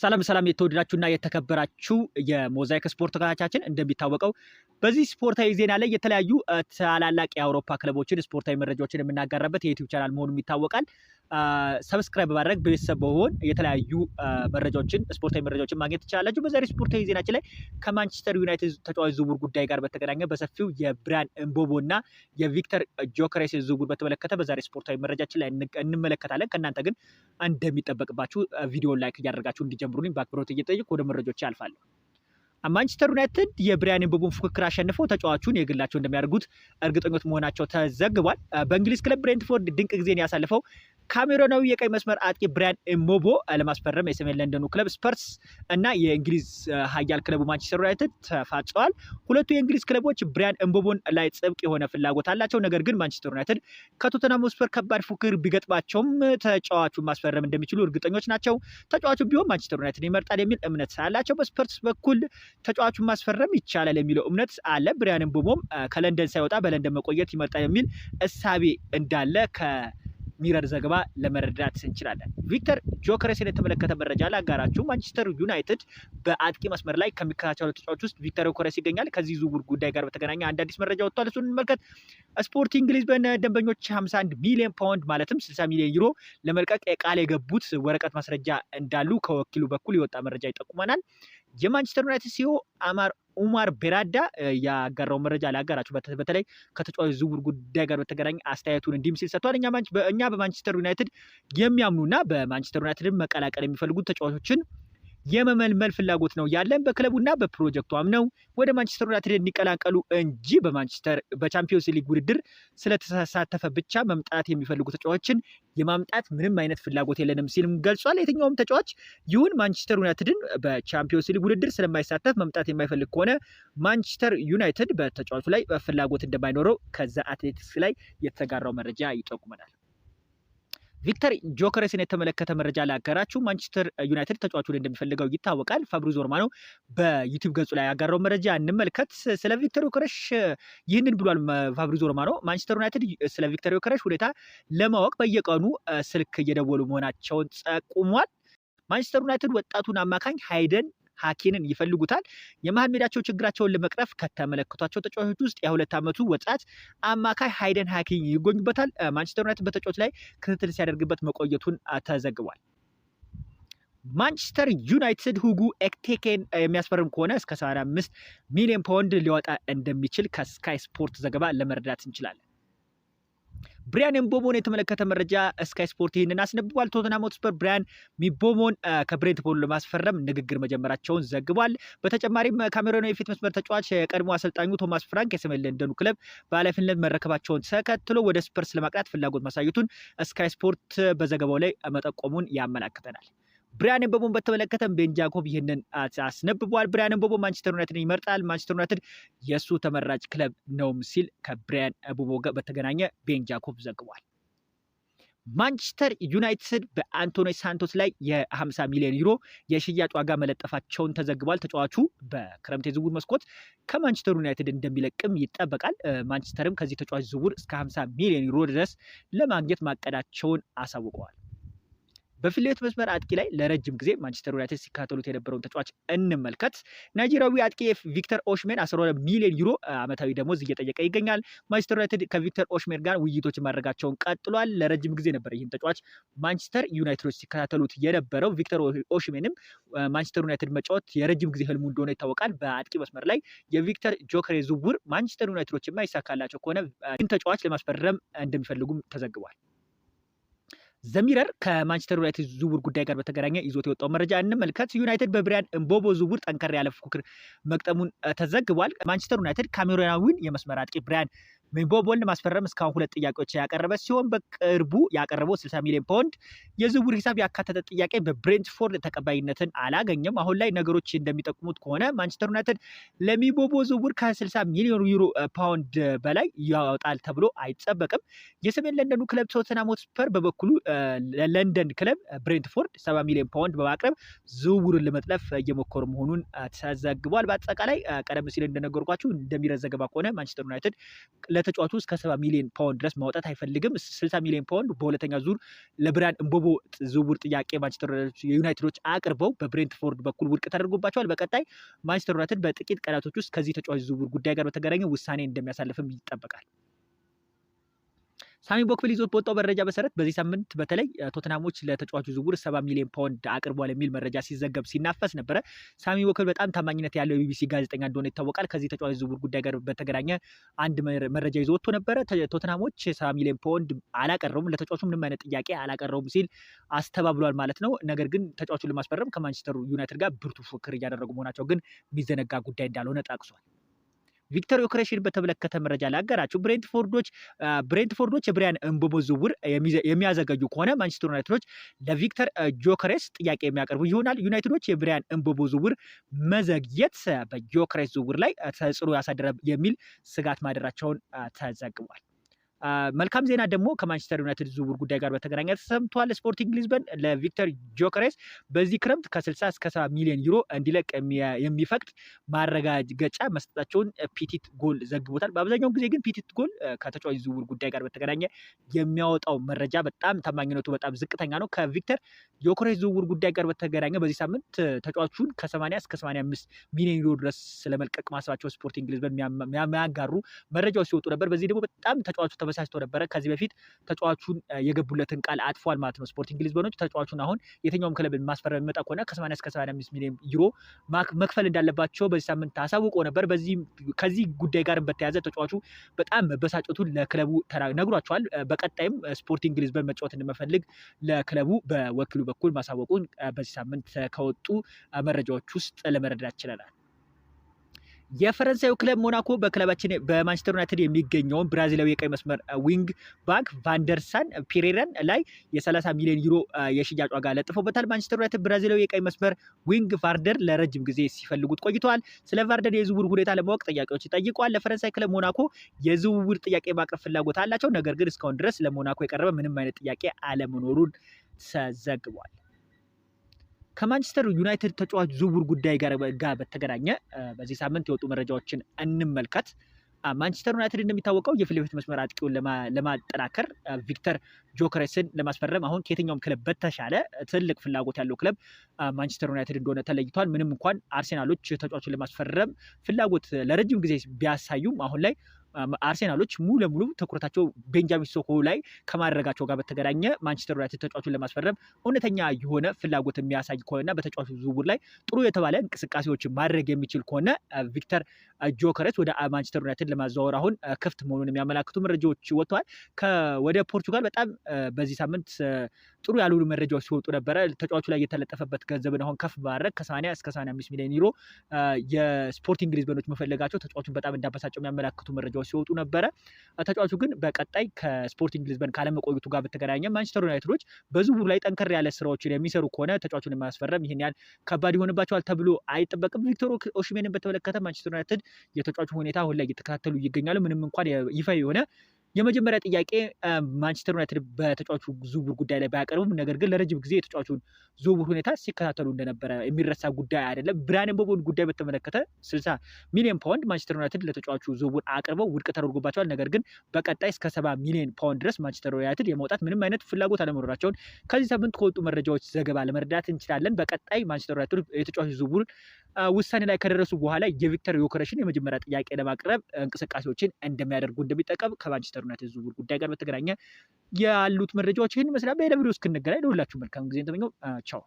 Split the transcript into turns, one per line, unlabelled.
ሰላም ሰላም የተወደዳችሁና የተከበራችሁ የሞዛይክ ስፖርት ተከታታችን፣ እንደሚታወቀው በዚህ ስፖርታዊ ዜና ላይ የተለያዩ ታላላቅ የአውሮፓ ክለቦችን ስፖርታዊ መረጃዎችን የምናጋራበት የዩቲዩብ ቻናል መሆኑም ይታወቃል። ሰብስክራይብ በማድረግ ቤተሰብ በመሆን የተለያዩ መረጃዎችን ስፖርታዊ መረጃዎችን ማግኘት ትችላላችሁ። በዛሬ ስፖርታዊ ዜናችን ላይ ከማንቸስተር ዩናይትድ ተጫዋች ዝውውር ጉዳይ ጋር በተገናኘ በሰፊው የብራያን እምቦቦ እና የቪክተር ጆከሬስ ዝውውር በተመለከተ በዛሬ ስፖርታዊ መረጃችን ላይ እንመለከታለን። ከእናንተ ግን እንደሚጠበቅባችሁ ቪዲዮ ላይክ እያደረጋችሁ እንዲ እንድትጀምሩልኝ በአክብሮት እየጠየቁ ወደ መረጃዎች ያልፋለሁ። ማንቸስተር ዩናይትድ የብሪያን ምቡሞን ፉክክር አሸንፈው ተጫዋቹን የግላቸው እንደሚያደርጉት እርግጠኞች መሆናቸው ተዘግቧል። በእንግሊዝ ክለብ ብሬንትፎርድ ድንቅ ጊዜን ያሳልፈው ካሜሮናዊ የቀኝ መስመር አጥቂ ብሪያን ኤምቦሞ ለማስፈረም የሰሜን ለንደኑ ክለብ ስፐርስ እና የእንግሊዝ ሀያል ክለቡ ማንቸስተር ዩናይትድ ተፋጨዋል። ሁለቱ የእንግሊዝ ክለቦች ብሪያን ኤምቦሞን ላይ ጥብቅ የሆነ ፍላጎት አላቸው። ነገር ግን ማንቸስተር ዩናይትድ ከቶተናም ስፐር ከባድ ፉክር ቢገጥማቸውም ተጫዋቹን ማስፈረም እንደሚችሉ እርግጠኞች ናቸው። ተጫዋቹ ቢሆን ማንቸስተር ዩናይትድ ይመርጣል የሚል እምነት ስላላቸው በስፐርስ በኩል ተጫዋቹን ማስፈረም ይቻላል የሚለው እምነት አለ። ብሪያን ኤምቦሞም ከለንደን ሳይወጣ በለንደን መቆየት ይመርጣል የሚል እሳቤ እንዳለ ከ ሚረር ዘገባ ለመረዳት እንችላለን። ቪክተር ጆከረስ የተመለከተ መረጃ አጋራችሁ። ማንቸስተር ዩናይትድ በአጥቂ መስመር ላይ ከሚከታተሉ ተጫዋቾች ውስጥ ቪክተር ጆከሬስ ይገኛል። ከዚህ ዝውውር ጉዳይ ጋር በተገናኘ አንድ አዲስ መረጃ ወጥቷል። እሱን እንመልከት። ስፖርት እንግሊዝ ደንበኞች 51 ሚሊዮን ፓውንድ ማለትም 60 ሚሊዮን ዩሮ ለመልቀቅ የቃል የገቡት ወረቀት ማስረጃ እንዳሉ ከወኪሉ በኩል የወጣ መረጃ ይጠቁመናል። የማንቸስተር ዩናይትድ ሲዮ አማር ኡማር ቤራዳ ያጋራው መረጃ ላጋራችሁ። በተለይ ከተጫዋች ዝውውር ጉዳይ ጋር በተገናኘ አስተያየቱን እንዲህም ሲል ሰጥቷል። እኛ በማንቸስተር ዩናይትድ የሚያምኑና በማንቸስተር ዩናይትድ መቀላቀል የሚፈልጉ ተጫዋቾችን የመመልመል ፍላጎት ነው ያለን በክለቡና በፕሮጀክቷም ነው። ወደ ማንቸስተር ዩናይትድ እንዲቀላቀሉ እንጂ በማንቸስተር በቻምፒዮንስ ሊግ ውድድር ስለተሳተፈ ብቻ መምጣት የሚፈልጉ ተጫዋችን የማምጣት ምንም አይነት ፍላጎት የለንም ሲልም ገልጿል። የትኛውም ተጫዋች ይሁን ማንቸስተር ዩናይትድን በቻምፒዮንስ ሊግ ውድድር ስለማይሳተፍ መምጣት የማይፈልግ ከሆነ ማንቸስተር ዩናይትድ በተጫዋቹ ላይ ፍላጎት እንደማይኖረው ከዛ አትሌቲክስ ላይ የተጋራው መረጃ ይጠቁመናል። ቪክተር ጆከረስን የተመለከተ መረጃ ላገራችሁ። ማንቸስተር ዩናይትድ ተጫዋቹን እንደሚፈልገው ይታወቃል። ፋብሪዞ ሮማኖ በዩቲዩብ ገጹ ላይ ያጋራው መረጃ እንመልከት። ስለ ቪክተር ዮከሬስ ይህንን ብሏል ፋብሪዞ ሮማኖ። ማንቸስተር ዩናይትድ ስለ ቪክተር ዮከሬስ ሁኔታ ለማወቅ በየቀኑ ስልክ እየደወሉ መሆናቸውን ጠቁሟል። ማንቸስተር ዩናይትድ ወጣቱን አማካኝ ሃይደን ሀኪንን ይፈልጉታል። የመሀል ሜዳቸው ችግራቸውን ለመቅረፍ ከተመለከቷቸው ተጫዋቾች ውስጥ የሁለት ዓመቱ ወጣት አማካይ ሀይደን ሀኪን ይጎኙበታል። ማንቸስተር ዩናይትድ በተጫዋች ላይ ክትትል ሲያደርግበት መቆየቱን ተዘግቧል። ማንቸስተር ዩናይትድ ሁጉ ኤክቴኬን የሚያስፈርም ከሆነ እስከ 75 ሚሊዮን ፓውንድ ሊወጣ እንደሚችል ከስካይ ስፖርት ዘገባ ለመረዳት እንችላለን። ብሪያን ኤምቦሞን የተመለከተ መረጃ ስካይ ስፖርት ይህንን አስነብቧል። ቶተንሃም ሆትስፐር ብሪያን ሚቦሞን ከብሬንትፎርድ ለማስፈረም ንግግር መጀመራቸውን ዘግቧል። በተጨማሪም ካሜሮን የፊት መስመር ተጫዋች የቀድሞ አሰልጣኙ ቶማስ ፍራንክ የሰሜን ለንደኑ ክለብ በኃላፊነት መረከባቸውን ተከትሎ ወደ ስፐርስ ለማቅናት ፍላጎት ማሳየቱን ስካይ ስፖርት በዘገባው ላይ መጠቆሙን ያመላክተናል። ብሪያን ኤምቦሞን በተመለከተ ቤን ጃኮብ ይህንን አስነብቧል። ብሪያን ኤምቦሞ ማንቸስተር ዩናይትድ ይመርጣል፣ ማንቸስተር ዩናይትድ የእሱ ተመራጭ ክለብ ነውም ሲል ከብሪያን ኤምቦሞ ጋር በተገናኘ ቤን ጃኮብ ዘግቧል። ማንቸስተር ዩናይትድ በአንቶኒ ሳንቶስ ላይ የ50 ሚሊዮን ዩሮ የሽያጭ ዋጋ መለጠፋቸውን ተዘግቧል። ተጫዋቹ በክረምት የዝውውር መስኮት ከማንቸስተር ዩናይትድ እንደሚለቅም ይጠበቃል። ማንቸስተርም ከዚህ ተጫዋች ዝውውር እስከ 50 ሚሊዮን ዩሮ ድረስ ለማግኘት ማቀዳቸውን አሳውቀዋል። በፊትለፊት መስመር አጥቂ ላይ ለረጅም ጊዜ ማንቸስተር ዩናይትድ ሲካተሉት የነበረውን ተጫዋች እንመልከት። ናይጄሪያዊ አጥቂ ቪክተር ኦሽሜን 12 ሚሊዮን ዩሮ አመታዊ ደሞዝ እየጠየቀ ይገኛል። ማንቸስተር ዩናይትድ ከቪክተር ኦሽሜን ጋር ውይይቶች ማድረጋቸውን ቀጥሏል። ለረጅም ጊዜ ነበር ይህን ተጫዋች ማንቸስተር ዩናይትዶች ሲከታተሉት የነበረው። ቪክተር ኦሽሜንም ማንቸስተር ዩናይትድ መጫወት የረጅም ጊዜ ህልሙ እንደሆነ ይታወቃል። በአጥቂ መስመር ላይ የቪክተር ጆከሬ ዝውውር ማንቸስተር ዩናይትዶች የማይሳካላቸው ከሆነ ይህን ተጫዋች ለማስፈረም እንደሚፈልጉም ተዘግቧል። ዘሚረር ከማንቸስተር ዩናይትድ ዝውውር ጉዳይ ጋር በተገናኘ ይዞት የወጣው መረጃ እንመልከት። ዩናይትድ በብሪያን እምቦሞ ዝውውር ጠንከር ያለ ፉክክር መቅጠሙን ተዘግቧል። ማንቸስተር ዩናይትድ ካሜሮናዊን የመስመር አጥቂ ብሪያን ምቦቦን ለማስፈረም እስካሁን ሁለት ጥያቄዎች ያቀረበ ሲሆን በቅርቡ ያቀረበው 60 ሚሊዮን ፓውንድ የዝውውር ሂሳብ ያካተተ ጥያቄ በብሬንትፎርድ ተቀባይነትን አላገኘም። አሁን ላይ ነገሮች እንደሚጠቁሙት ከሆነ ማንቸስተር ዩናይትድ ለሚቦቦ ዝውውር ከ60 ሚሊዮን ዩሮ ፓውንድ በላይ ያወጣል ተብሎ አይጠበቅም። የሰሜን ለንደኑ ክለብ ቶተንሃም ሆትስፐር በበኩሉ ለለንደን ክለብ ብሬንትፎርድ 70 ሚሊዮን ፓውንድ በማቅረብ ዝውውርን ለመጥለፍ እየሞከሩ መሆኑን ተዘግቧል። በአጠቃላይ ቀደም ሲል እንደነገርኳችሁ እንደሚረዘገባ ከሆነ ማንቸስተር ዩናይትድ ለተጫዋቹ እስከ ሰባ ሚሊዮን ፓውንድ ድረስ ማውጣት አይፈልግም። ስልሳ ሚሊዮን ፓውንድ በሁለተኛ ዙር ለብራያን እምቦቦ ዝውውር ጥያቄ ማንቸስተር ዩናይትዶች አቅርበው በብሬንትፎርድ በኩል ውድቅ ተደርጎባቸዋል። በቀጣይ ማንቸስተር ዩናይትድ በጥቂት ቀናቶች ውስጥ ከዚህ ተጫዋች ዝውውር ጉዳይ ጋር በተገናኘ ውሳኔ እንደሚያሳልፍም ይጠበቃል። ሳሚ ቦክፊል ይዞት በወጣው መረጃ መሰረት በዚህ ሳምንት በተለይ ቶትናሞች ለተጫዋቹ ዝውውር ሰባ ሚሊዮን ፓውንድ አቅርቧል የሚል መረጃ ሲዘገብ ሲናፈስ ነበረ። ሳሚ ቦክፊል በጣም ታማኝነት ያለው የቢቢሲ ጋዜጠኛ እንደሆነ ይታወቃል። ከዚህ ተጫዋች ዝውውር ጉዳይ ጋር በተገናኘ አንድ መረጃ ይዞ ወጥቶ ነበረ። ቶትናሞች ሰባ ሚሊዮን ፓውንድ አላቀረቡም፣ ለተጫዋቹ ምንም አይነት ጥያቄ አላቀረቡም ሲል አስተባብሏል ማለት ነው። ነገር ግን ተጫዋቹን ለማስፈረም ከማንቸስተር ዩናይትድ ጋር ብርቱ ፉክክር እያደረጉ መሆናቸው ግን የሚዘነጋ ጉዳይ እንዳልሆነ ጠቅሷል። ቪክተር ዮከሬሽን በተመለከተ መረጃ ላገራችሁ። ብሬንትፎርዶች ብሬንትፎርዶች የብሪያን እምቦሞ ዝውውር የሚያዘጋጁ ከሆነ ማንቸስተር ዩናይትዶች ለቪክተር ጆከሬስ ጥያቄ የሚያቀርቡ ይሆናል። ዩናይትዶች የብሪያን እምቦሞ ዝውውር መዘግየት በጆከሬስ ዝውውር ላይ ተጽዕኖ ያሳደረ የሚል ስጋት ማደራቸውን ተዘግቧል። መልካም ዜና ደግሞ ከማንቸስተር ዩናይትድ ዝውውር ጉዳይ ጋር በተገናኘ ተሰምቷል። ስፖርቲንግ ሊዝበን ለቪክተር ጆከሬስ በዚህ ክረምት ከ60 እስከ 70 ሚሊዮን ዩሮ እንዲለቅ የሚፈቅድ ማረጋገጫ መስጠታቸውን ፒቲት ጎል ዘግቦታል። በአብዛኛው ጊዜ ግን ፒቲት ጎል ከተጫዋች ዝውውር ጉዳይ ጋር በተገናኘ የሚያወጣው መረጃ በጣም ታማኝነቱ በጣም ዝቅተኛ ነው። ከቪክተር ጆከሬስ ዝውውር ጉዳይ ጋር በተገናኘ በዚህ ሳምንት ተጫዋቹን ከ80 እስከ 85 ሚሊዮን ዩሮ ድረስ ስለመልቀቅ ማሰባቸው ስፖርቲንግ ሊዝበን የሚያጋሩ መረጃዎች ሲወጡ ነበር። በዚህ ደግሞ በጣም ተጫዋቹ ተበሳጭቶ ነበረ። ከዚህ በፊት ተጫዋቹን የገቡለትን ቃል አጥፏል ማለት ነው። ስፖርቲንግ ሊዝበኖች ተጫዋቹን አሁን የትኛውም ክለብ ማስፈረም የሚመጣ ከሆነ ከ80 እስከ 85 ሚሊዮን ዩሮ መክፈል እንዳለባቸው በዚህ ሳምንት አሳውቆ ነበር። ከዚህ ጉዳይ ጋር በተያያዘ ተጫዋቹ በጣም መበሳጨቱን ለክለቡ ነግሯቸዋል። በቀጣይም ስፖርቲንግ ሊዝበን መጫወት እንደመፈልግ ለክለቡ በወኪሉ በኩል ማሳወቁን በዚህ ሳምንት ከወጡ መረጃዎች ውስጥ ለመረዳት ችለናል። የፈረንሳዩ ክለብ ሞናኮ በክለባችን በማንቸስተር ዩናይትድ የሚገኘውን ብራዚላዊ የቀይ መስመር ዊንግ ባክ ቫንደርሳን ፔሬረን ላይ የ30 ሚሊዮን ዩሮ የሽያጭ ዋጋ ለጥፎበታል። ማንቸስተር ዩናይትድ ብራዚላዊ የቀይ መስመር ዊንግ ቫርደር ለረጅም ጊዜ ሲፈልጉት ቆይተዋል። ስለ ቫርደር የዝውውር ሁኔታ ለማወቅ ጥያቄዎች ጠይቀዋል። ለፈረንሳይ ክለብ ሞናኮ የዝውውር ጥያቄ ማቅረብ ፍላጎት አላቸው። ነገር ግን እስካሁን ድረስ ለሞናኮ የቀረበ ምንም አይነት ጥያቄ አለመኖሩን ተዘግቧል። ከማንቸስተር ዩናይትድ ተጫዋች ዝውውር ጉዳይ ጋር በተገናኘ በዚህ ሳምንት የወጡ መረጃዎችን እንመልከት። ማንቸስተር ዩናይትድ እንደሚታወቀው የፊት ለፊት መስመር አጥቂውን ለማጠናከር ቪክተር ጆከሬስን ለማስፈረም አሁን ከየትኛውም ክለብ በተሻለ ትልቅ ፍላጎት ያለው ክለብ ማንቸስተር ዩናይትድ እንደሆነ ተለይቷል። ምንም እንኳን አርሴናሎች ተጫዋቹን ለማስፈረም ፍላጎት ለረጅም ጊዜ ቢያሳዩም አሁን ላይ አርሴናሎች ሙሉ ለሙሉ ትኩረታቸው ቤንጃሚን ሶኮ ላይ ከማድረጋቸው ጋር በተገናኘ ማንቸስተር ዩናይትድ ተጫዋቹን ለማስፈረም እውነተኛ የሆነ ፍላጎት የሚያሳይ ከሆነና በተጫዋቹ ዝውውር ላይ ጥሩ የተባለ እንቅስቃሴዎች ማድረግ የሚችል ከሆነ ቪክተር ጆከረስ ወደ ማንቸስተር ዩናይትድ ለማዘዋወር አሁን ክፍት መሆኑን የሚያመላክቱ መረጃዎች ወጥተዋል። ወደ ፖርቹጋል በጣም በዚህ ሳምንት ጥሩ ያልሆኑ መረጃዎች ሲወጡ ነበረ። ተጫዋቹ ላይ የተለጠፈበት ገንዘብን አሁን ከፍ ማድረግ ከ80 እስከ 85 ሚሊዮን ዩሮ የስፖርቲንግ ሊዝበኖች መፈለጋቸው ተጫዋቹን በጣም እንዳበሳጨው የሚያመላክቱ መረጃዎች ሲወጡ ነበረ። ተጫዋቹ ግን በቀጣይ ከስፖርቲንግ ሊዝበን ካለመቆየቱ ጋር በተገናኘ ማንቸስተር ዩናይትዶች በዝውውሩ ላይ ጠንከር ያለ ስራዎችን የሚሰሩ ከሆነ ተጫዋቹን የማስፈረም ይህን ያህል ከባድ ይሆንባቸዋል ተብሎ አይጠበቅም። ቪክቶር ኦሽሜንን በተመለከተ ማንቸስተር ዩናይትድ የተጫዋቹ ሁኔታ አሁን ላይ እየተከታተሉ ይገኛሉ። ምንም እንኳን ይፋ የሆነ የመጀመሪያ ጥያቄ ማንቸስተር ዩናይትድ በተጫዋቹ ዝውውር ጉዳይ ላይ ባያቀርቡም፣ ነገር ግን ለረጅም ጊዜ የተጫዋቹን ዝውውር ሁኔታ ሲከታተሉ እንደነበረ የሚረሳ ጉዳይ አይደለም። ብራያን ምቤሞን ጉዳይ በተመለከተ 60 ሚሊዮን ፓውንድ ማንቸስተር ዩናይትድ ለተጫዋቹ ዝውውር አቅርበው ውድቅ ተደርጎባቸዋል። ነገር ግን በቀጣይ እስከ ሰባ ሚሊዮን ፓውንድ ድረስ ማንቸስተር ዩናይትድ የመውጣት ምንም አይነት ፍላጎት አለመኖራቸውን ከዚህ ሳምንት ከወጡ መረጃዎች ዘገባ ለመረዳት እንችላለን። በቀጣይ ማንቸስተር ዩናይትድ የተጫዋቹ ዝውውር ውሳኔ ላይ ከደረሱ በኋላ የቪክተር ዮከረስን የመጀመሪያ ጥያቄ ለማቅረብ እንቅስቃሴዎችን እንደሚያደርጉ እንደሚጠቀም ከማንቸስተር ኢንተርኔት ዝውውር ጉዳይ ጋር በተገናኘ ያሉት መረጃዎች ይህን ይመስላል። በሌላ ቪዲዮ እስክንገናኝ ለሁላችሁ መልካም ጊዜ ተመኘው። ቻው